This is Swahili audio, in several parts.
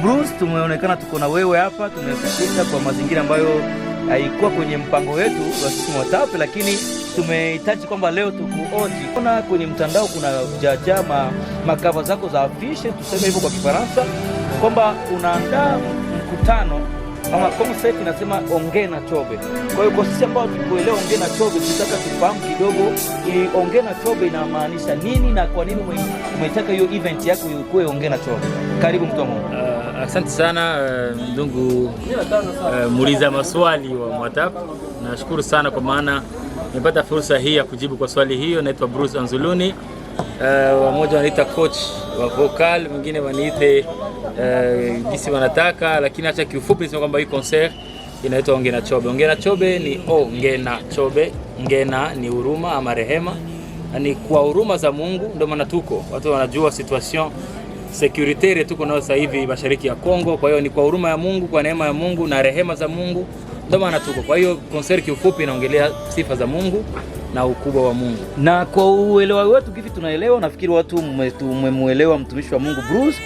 Bruce, tumeonekana tuko na wewe hapa, tumekushinda kwa mazingira ambayo haikuwa kwenye mpango wetu wa siku watape, lakini tumehitaji kwamba leo tukuoji. Ona kwenye mtandao kuna jaja ma, makava zako za afishe, tuseme hivyo kwa Kifaransa, kwamba unaandaa mkutano kama sasa inasema ongee na Chobe. Kwa hiyo kwa sisi ambao tukuelewa ongee na Chobe, tutaka tufahamu kidogo ongee na Chobe inamaanisha nini na kwa nini umetaka hiyo event yako ikuwe ongee na Chobe. Karibu mtu wa Mungu. Uh, asante sana uh, uh, muuliza maswali wa Mwatap. Nashukuru sana kwa maana nimepata fursa hii ya kujibu kwa swali hiyo. Naitwa Bruce Anzuluni. Eh, wamoja wanaita coach wa vocal, wengine waniite uh, eh, gisi wanataka, lakini acha kiufupi nisema kwamba hii concert inaitwa Ongena Chobe. Ongena Chobe ni Ongena Chobe. Ngena ni huruma ama rehema, ni kwa huruma za Mungu ndio maana tuko watu wanajua situation securitaire tuko nayo sasa hivi mashariki ya Kongo. Kwa hiyo ni kwa huruma ya Mungu, kwa neema ya Mungu na rehema za Mungu ndio maana tuko. Kwa hiyo concert kiufupi inaongelea sifa za Mungu na ukubwa wa Mungu. Na kwa uelewa wetu kivi tunaelewa, nafikiri watu mmemuelewa mtumishi wa Mungu Bruce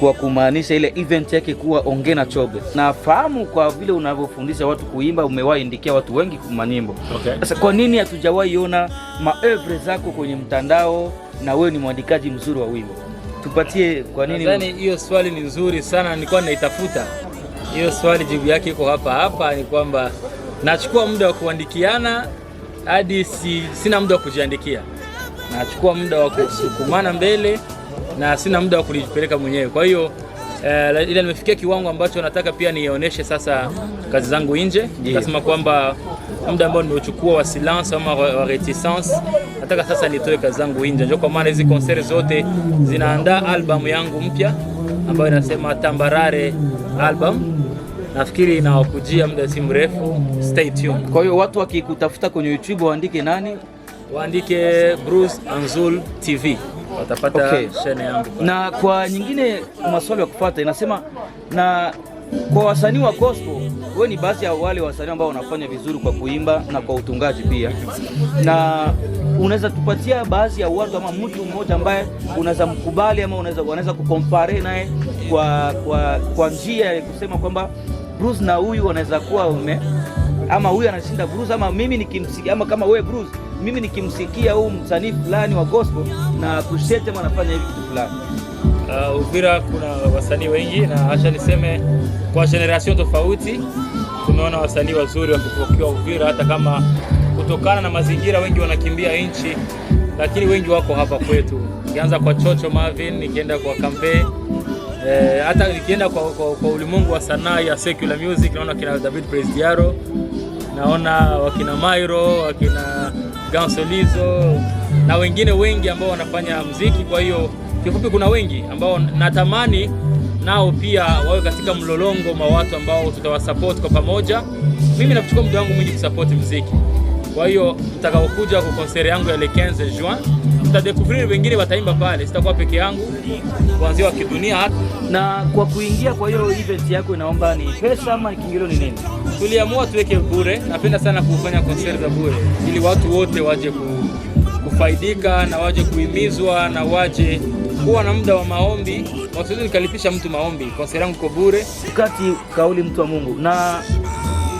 kwa kumaanisha ile event yake kuwa onge na chobe. Nafahamu kwa vile unavyofundisha watu kuimba, umewaindikia watu wengi manyimbo. Sasa okay, kwa nini hatujawahi ona maevre zako kwenye mtandao, na wewe ni mwandikaji mzuri wa wimbo? Tupatie kwa nini. Nadhani hiyo swali ni nzuri sana, nilikuwa naitafuta hiyo swali. Jibu yake iko hapa hapa, ni kwamba nachukua muda wa kuandikiana hadi si, sina muda wa kujiandikia, nachukua muda wa kusukumana mbele na sina muda wa kujipeleka mwenyewe. Kwa hiyo uh, ila nimefikia kiwango ambacho nataka pia nionyeshe sasa kazi zangu nje, nikasema kwamba muda ambao nimeuchukua wa silence ama wa reticence, nataka sasa nitoe kazi zangu nje, ndio kwa maana hizi konseri zote zinaandaa albamu yangu mpya ambayo inasema Tambarare album nafikiri inawakujia muda si mrefu. Stay tuned. Kwa hiyo watu wakikutafuta kwenye YouTube waandike nani? Waandike Bruce Anzul TV watapata okay. Shene yangu na kwa nyingine maswali ya kufuata inasema na kwa wasanii wa gospel, wewe ni baadhi ya wale wasanii ambao wanafanya vizuri kwa kuimba na kwa utungaji pia, na unaweza tupatia baadhi ya watu ama mtu mmoja ambaye unaweza mkubali ama unaweza kukompare naye kwa, kwa, kwa njia ya kusema kwamba Bruce na huyu wanaweza kuwa ume ama huyu anashinda Bruce ama mimi nikimsikia, ama kama wewe Bruce, mimi nikimsikia huyu msanii fulani wa gospel na Kushete anafanya hivi kitu fulani. Uh, Uvira kuna wasanii wengi na acha niseme kwa generation tofauti tumeona wasanii wazuri wakipokiwa Uvira, hata kama kutokana na mazingira wengi wanakimbia nchi, lakini wengi wako hapa kwetu, nikianza kwa Chocho Marvin, nikienda kwa Kambe Eh, hata nikienda kwa, kwa, kwa ulimwengu wa sanaa ya secular music naona kina David Praise Diaro, naona wakina Mairo, wakina Gansolizo na wengine wengi ambao wanafanya mziki. Kwa hiyo kifupi, kuna wengi ambao natamani nao pia wawe katika mlolongo wa watu ambao tutawasupport kwa pamoja. Mimi nachukua muda wangu mwingi kusupport mziki. Kwa hiyo mtakaokuja kwa concert yangu ya le 15 juin mtadekuvrir wengine wataimba pale, sitakuwa peke yangu, kuanzia wa kidunia hata na. Kwa kuingia kwa hiyo event yako inaomba ni pesa ama kingilio ni nini? Tuliamua tuweke bure. Napenda sana kufanya concert za bure ili watu wote waje ku, kufaidika na waje kuhimizwa na waje kuwa na muda wa maombi. Siwezi nikalipisha mtu maombi, concert yangu iko bure, kati kauli mtu wa Mungu na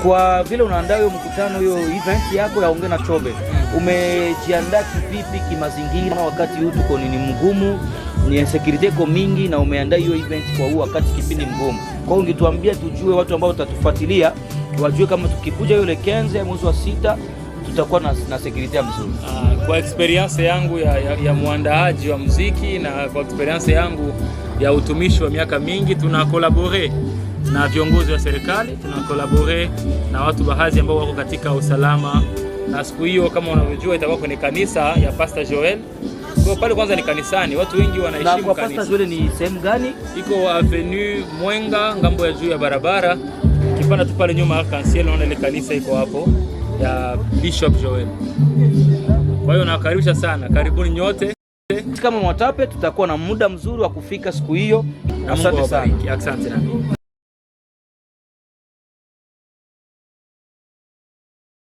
kwa vile unaandaa hiyo mkutano, hiyo event yako ongea na Chobe, umejiandaa kivipi kimazingira? Wakati huu tuko nini mgumu, ni security iko mingi, na umeandaa hiyo event kwa huu wakati kipindi mgumu. Kwa hiyo ungetuambia tujue, watu ambao watatufuatilia wajue kama tukikuja yule kenze mwezi wa sita tutakuwa na, na security ya mzuri. Uh, kwa experience yangu ya, ya, ya mwandaaji wa muziki na kwa experience yangu ya utumishi wa miaka mingi tuna collaborate na viongozi wa serikali, tunakolabore na watu baadhi ambao wako katika usalama. Na siku hiyo kama unavyojua itakuwa kwenye kanisa ya Pastor Joel. Kwa pale kwanza ni kanisani, watu wengi wanaheshimu kanisa. Pastor Joel ni sehemu gani? Iko Avenue Mwenga, ngambo ya juu ya barabara, kipanda tu pale nyuma arc-en-ciel, ile kanisa iko hapo ya Bishop Joel. Kwa hiyo nawakaribisha sana, karibuni nyote. Kama Mwatape tutakuwa na muda mzuri wa kufika siku hiyo. Asante sana. Asante sana.